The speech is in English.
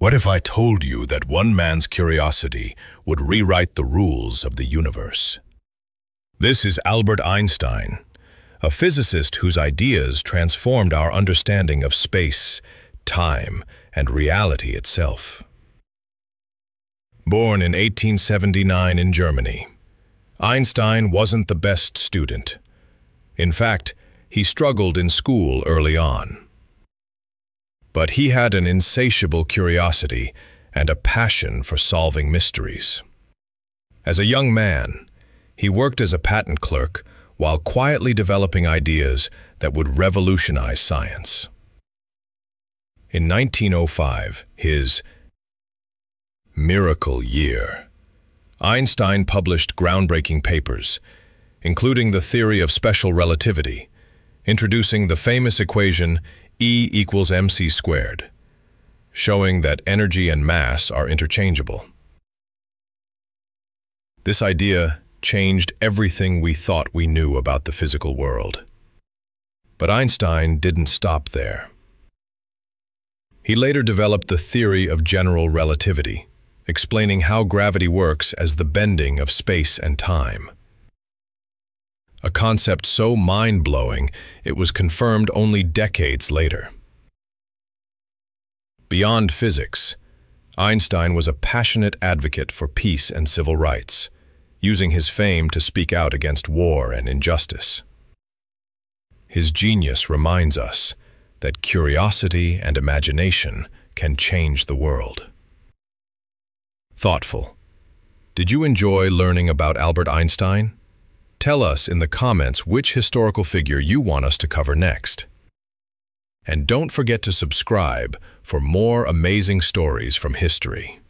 What if I told you that one man's curiosity would rewrite the rules of the universe? This is Albert Einstein, a physicist whose ideas transformed our understanding of space, time, and reality itself. Born in 1879 in Germany, Einstein wasn't the best student. In fact, he struggled in school early on. But he had an insatiable curiosity and a passion for solving mysteries. As a young man, he worked as a patent clerk while quietly developing ideas that would revolutionize science. In 1905, his miracle year, Einstein published groundbreaking papers, including the theory of special relativity, introducing the famous equation E equals mc squared, showing that energy and mass are interchangeable. This idea changed everything we thought we knew about the physical world. But Einstein didn't stop there. He later developed the theory of general relativity, explaining how gravity works as the bending of space and time a concept so mind-blowing it was confirmed only decades later. Beyond physics, Einstein was a passionate advocate for peace and civil rights, using his fame to speak out against war and injustice. His genius reminds us that curiosity and imagination can change the world. Thoughtful. Did you enjoy learning about Albert Einstein? Tell us in the comments which historical figure you want us to cover next. And don't forget to subscribe for more amazing stories from history.